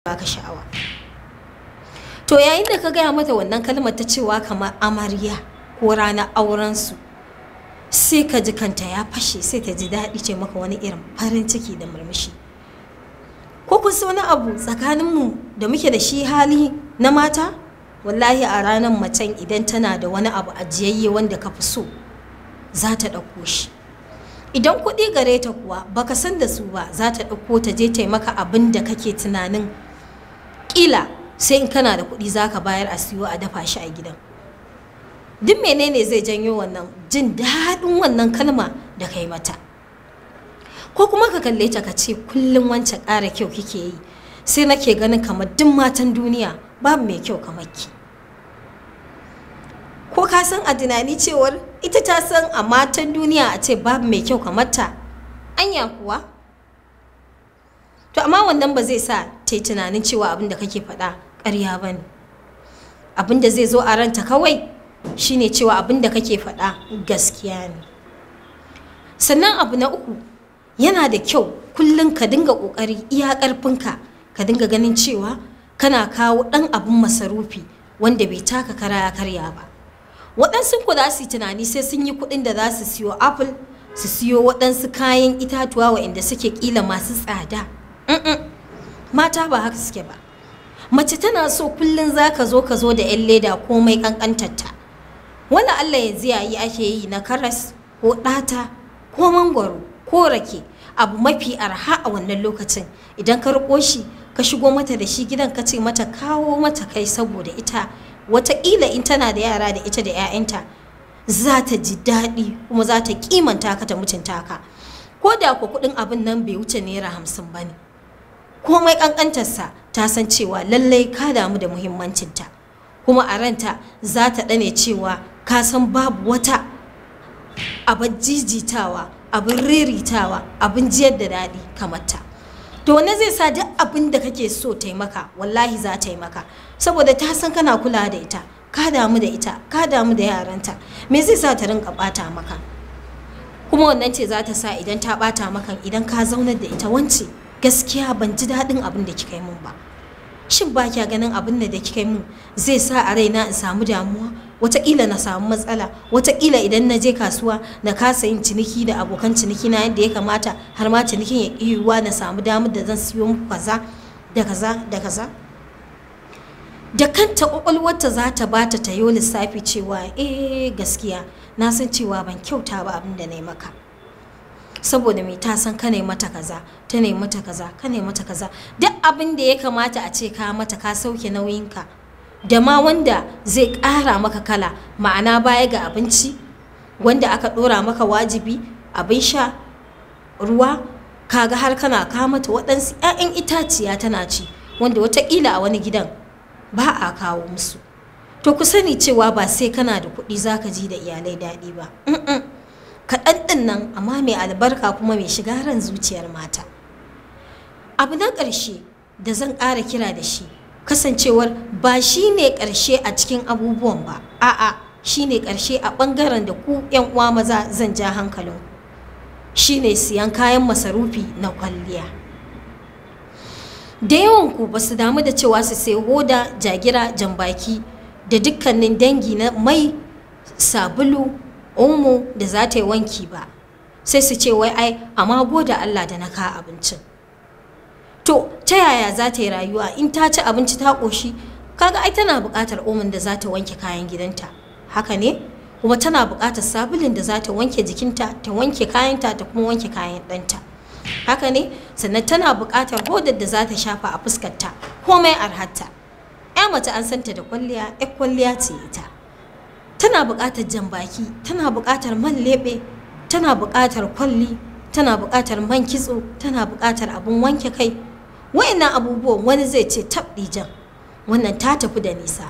baka sha'awa to yayin da ka gaya mata wannan kalmar ta cewa kamar amarya ko ranar aurensu sai ka ji kanta ya fashe sai ta ji daɗi ce maka wani irin farin ciki da murmushi ko kun wani abu tsakaninmu da muke da shi hali na mata wallahi a ranar macen idan tana da wani abu ajiyayye wanda ka fi so za ta ɗauko shi idan kuɗi gare ta kuwa baka san da su ba za ta ɗauko ta je taimaka abin da kake tunanin kila sai in kana da kuɗi za ka bayar a siyo a dafa shi a gidan duk menene zai janyo wannan jin daɗin wannan kalma da kai mata ko kuma ka kalle ta ka ce kullum wancan ƙara kyau kike yi sai nake ganin kamar duk matan duniya babu mai kyau kamar ki ko ka san a tunani cewar ita ta san a matan duniya a ce babu mai kyau kamar ta anya kuwa to amma wannan ba zai sa ta yi tunanin cewa abin da kake faɗa ƙarya ba ne abin da zai zo a ranta kawai shine cewa abin da kake faɗa gaskiya ne sannan abu na uku yana da kyau kullum ka dinga ƙoƙari iya ƙarfinka ka dinga ganin cewa kana kawo ɗan abun masarufi wanda bai taka kara ya karya ba waɗansu ku za su tunani sai sun yi kuɗin da za su siyo apple su siyo waɗansu kayan itatuwa waɗanda suke ƙila masu tsada mata ba haka suke ba mace tana so kullum za ka zo ka zo da 'yan leda komai kankantarta wani allah ya ziyayi ake yi na karas ko ɗata ko mangwaro ko rake abu mafi arha a wannan lokacin idan ka riko shi ka shigo mata da shi gidan ka ce mata kawo mata kai saboda ita wataƙila in tana da yara da ita da 'ya'yanta za ta ji daɗi kuma za ta kimanta ka ta mutunta ka ko da ku kuɗin abin nan bai wuce naira hamsin ba ne komai ƙanƙantarsa ta san cewa lallai ka damu da muhimmancinta kuma a ranta za ta ɗane cewa ka san babu wata abin jijitawa abin riritawa abin jiyar da daɗi kamar ta to wanne zai sa duk abin da kake so taimaka wallahi za ta yi maka saboda ta san kana kula da ita ka damu da ita ka damu da yaranta me zai sa ta rinka ɓata maka kuma wannan ce za ta sa idan ta ɓata maka idan ka zaunar da ita wance gaskiya ban ji daɗin abin da kika yi min ba shin ba kya ganin abin da kika yi min zai sa a raina in samu damuwa wataƙila na samu matsala wataƙila idan na je kasuwa na kasa yin ciniki da abokan ciniki na yadda ya kamata har ma cinikin ya yiwuwa na samu damar da zan siyo muku kaza da kaza da kaza da kanta kwakwalwarta za ta bata tayo lissafi cewa eh gaskiya na san cewa ban kyauta ba abin da na yi maka saboda mai ta san ka mata kaza ta ne mata kaza ka ne mata kaza duk abin da ya kamata a ce ka mata ka sauke nauyinka da ma wanda zai ƙara maka kala ma'ana baya ga abinci wanda aka ɗora maka wajibi abin sha ruwa kaga har kana kamata waɗansu 'ya'yan itaciya tana ci wanda watakila a wani gidan ba a kawo musu to ku sani cewa ba sai kana da kuɗi zaka ji da iyalai daɗi ba mm -mm. kaɗan ɗin nan amma mai albarka kuma mai shiga ran zuciyar mata abu na ƙarshe da zan ƙara kira da shi kasancewar ba shi ne ƙarshe a cikin abubuwan ba a'a shi ne ƙarshe a ɓangaren da ku 'yan uwa maza zan ja hankalin shi ne siyan kayan masarufi na kwalliya da yawan ku ba su damu da cewa su sai hoda jagira jambaki da dukkanin dangi na mai sabulu ummu da za ta yi wanki ba sai su ce wai ai amma goda Allah da na ka abincin to ta yaya za ta yi rayuwa in ta ci abinci ta ƙoshi kaga ai tana buƙatar omin da za ta wanke kayan gidanta haka ne kuma tana buƙatar sabulin da za ta wanke jikinta ta wanke kayanta ta kuma wanke kayan ɗanta haka ne sannan tana buƙatar hodar da za ta shafa a fuskarta komai arhatta ya mace an santa da kwalliya 'yar kwalliya ce ita tana buƙatar jan baki tana buƙatar man leɓe tana buƙatar kwalli tana buƙatar man kitso tana buƙatar abin wanke kai Wa'ina abubuwan wani zai ce tabdijan wannan ta tafi da nisa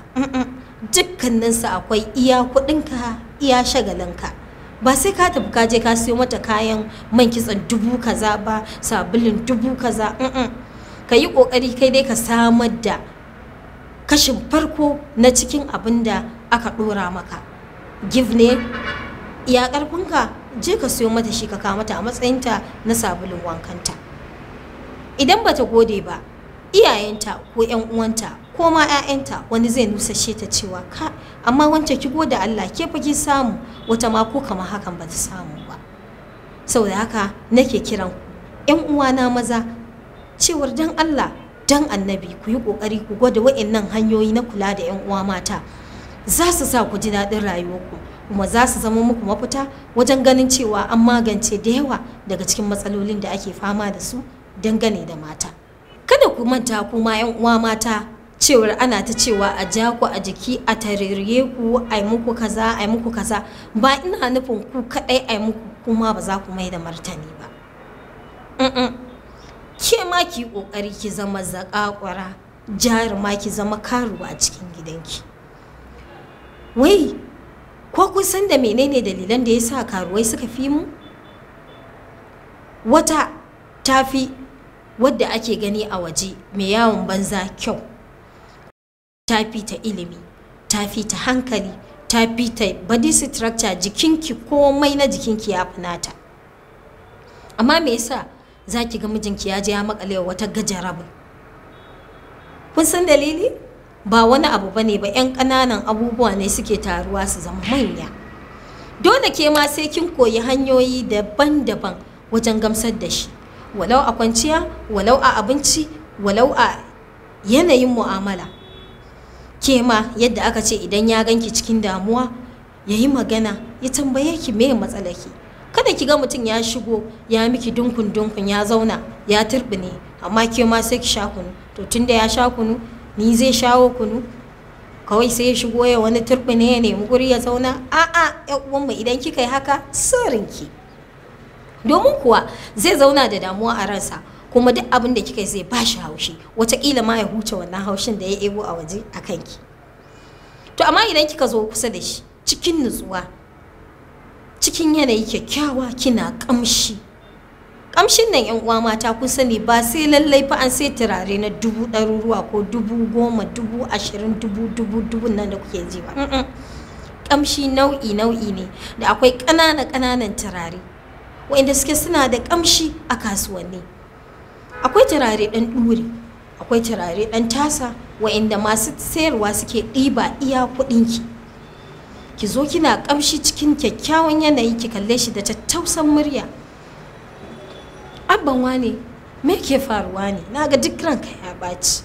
dukkaninsu akwai iya kuɗinka iya shagalinka ba sai ka tafi ka je ka siyo mata kayan man kitson dubu kaza ba sabulun dubu kaza ka yi ƙoƙari kai dai ka samar da kashin farko na cikin abin aka ɗora maka give ne iya ka je ka siyo mata shi ka kawo mata a matsayinta na sabulun wankanta idan bata gode ba iyayenta ko 'yan uwanta ko ma 'ya'yanta wani zai nusashe ta cewa ka amma wancan ki gode Allah ke fa ki samu wata ma ko kamar hakan ba ta samu ba saboda haka nake kiran ku 'yan na maza cewar dan Allah dan annabi ku yi kokari ku gwada wa'annan hanyoyi na kula da 'yan uwa mata za su sa ku ji daɗin rayuwarku kuma za su zama muku mafita wajen ganin cewa an magance da yawa daga cikin matsalolin da ake fama da su dangane da mata kada ku manta kuma yan uwa mata cewar ana ta cewa a ja ku a jiki a tarere ku a yi muku kaza a yi muku kaza ba ina nufin ku kaɗai a yi muku kuma ba za ku mai da martani ba ke ma ki ƙoƙari ki zama zaƙaƙwara jaruma ki zama karuwa a cikin gidanki Wai, ko kun san da menene dalilan da ya sa karuwai suka fi mu? Wata tafi wadda ake gani a waje mai yawon banza kyau. Tafi ta ilimi, tafi ta hankali, tafi ta body structure jikinki komai na jikinki ya fi Amma me yasa za ki ga mijinki ya je ya makalewa wata gajarabu? Kun san dalili? ba wani abu bane ba 'yan ƙananan abubuwa ne suke taruwa su zama manya dole ke ma sai kin koyi hanyoyi daban-daban wajen gamsar da shi walau a kwanciya walau a abinci walau a yanayin mu'amala ke ma yadda aka ce idan ya ganki cikin damuwa ya yi magana ya tambaye ki me matsalaki kada ki ga mutum ya shigo ya miki dunkun dunkun ya zauna ya turbine amma ke ma sai ki sha kunu to tunda ya sha kunu ni zai shawo kunu kawai sai ya shigo ya wani turbi ne ya nemi guri ya zauna a'a yan uwanmu idan kika yi haka sirinki domin kuwa zai zauna da damuwa a ransa kuma duk abin da kika yi zai bashi haushi wataƙila ma ya huce wannan haushin da ya ebo a waje a kanki to amma idan kika zo kusa da shi cikin nutsuwa cikin yanayi kyakkyawa kina ƙamshi kamshin nan yan uwa mata kun sani ba sai lallai fa an sai turare na dubu ɗaruruwa ko dubu goma dubu ashirin dubu dubu dubu nan da kuke ji ba kamshi nau'i nau'i ne da akwai ƙanana ƙananan turare wa'inda suke suna da kamshi a kasuwanni akwai turare ɗan ɗure akwai turare ɗan tasa wa'inda masu sayarwa suke ɗiba iya kuɗinki ki zo kina kamshi cikin kyakkyawan yanayi ki kalle shi da tattausan murya abban wane me ke faruwa ne na ga duk ranka ya ɓaci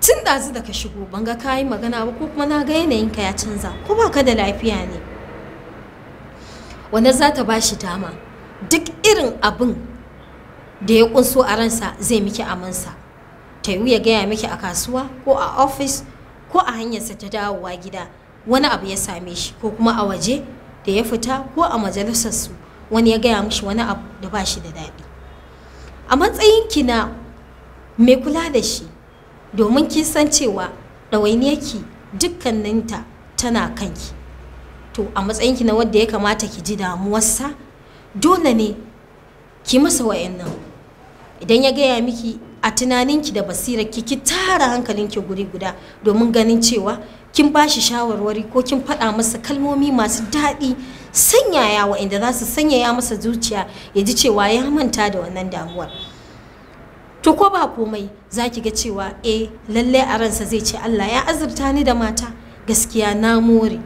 tun ɗazu da ka shigo ban ga kayi magana ba ko kuma na ga ka ya canza ko ba ka da lafiya ne wanda za ta ba shi dama duk irin abin da ya kunso a ransa zai miki amansa ta yi ya gaya miki a kasuwa ko a ofis ko a hanyarsa ta dawowa gida wani abu ya same shi ko kuma a waje da ya fita ko a majalisar su. wani ya gaya mishi wani abu da ba shi da daɗi a matsayin ki na mai kula da shi domin kin san cewa ɗawainiyarki dukkaninta tana kanki to a matsayin na wadda ya kamata ki ji damuwarsa dole ne ki masa wayannan idan ya gaya miki a tunaninki da basirarki ki tara hankalinki guri guda domin ganin cewa kin bashi shawarwari ko kin faɗa masa kalmomi masu daɗi sanyaya waɗanda za su sanyaya masa zuciya ya ji cewa ya manta da wannan damuwar to ko ba komai za ki ga cewa eh lallai a ransa zai ce Allah ya azurta ni da mata gaskiya na more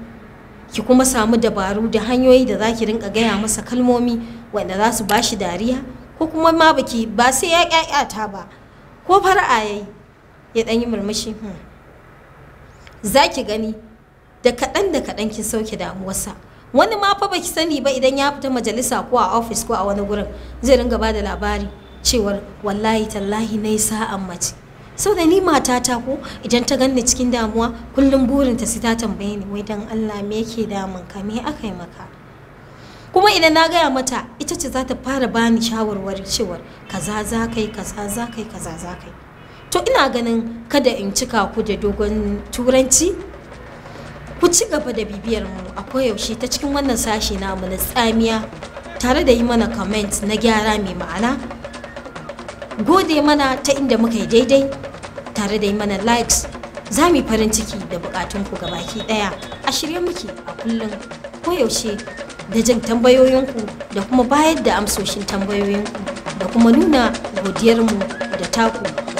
ki kuma samu dabaru da hanyoyi da za ki rinka gaya masa kalmomi wanda za su bashi dariya ko kuma ma baki ba sai ya ƙyaƙyata ba ko far'a yayi ya ɗan yi murmushi hmm. za ki gani da kaɗan da kaɗan kin sauke damuwarsa wani ma fa baki sani ba idan ya fita majalisa ko a office ko a wani gurin zai ringa bada labari cewar wallahi tallahi na yi sa'an mace sau da ni matata ko idan ta ganni cikin damuwa kullum burinta sai ta tambaye ni wai dan Allah me yake damun ka me aka yi maka kuma idan na gaya mata ita ce za ta fara bani shawarwari cewar kaza za kai kaza za kai kaza za kai to ina ganin kada in cika ku da dogon turanci Ku ci gaba da bibiyar mu a koyaushe ta cikin wannan sashe namu na tsamiya tare da yi mana comment na gyara mai ma'ana. Gode mana ta inda muka yi daidai tare da yi mana likes za mu yi farin ciki da bukatun bukatunku baki daya a shirye muke a kullum koyaushe da jin tambayoyinku da kuma bayar da amsoshin tambayoyinku da kuma nuna godiyarmu da taku